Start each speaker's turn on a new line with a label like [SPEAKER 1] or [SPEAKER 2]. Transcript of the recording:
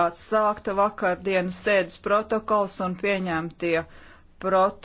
[SPEAKER 1] atsākta vakardienas sēdes protokols un pieņemtie protokols.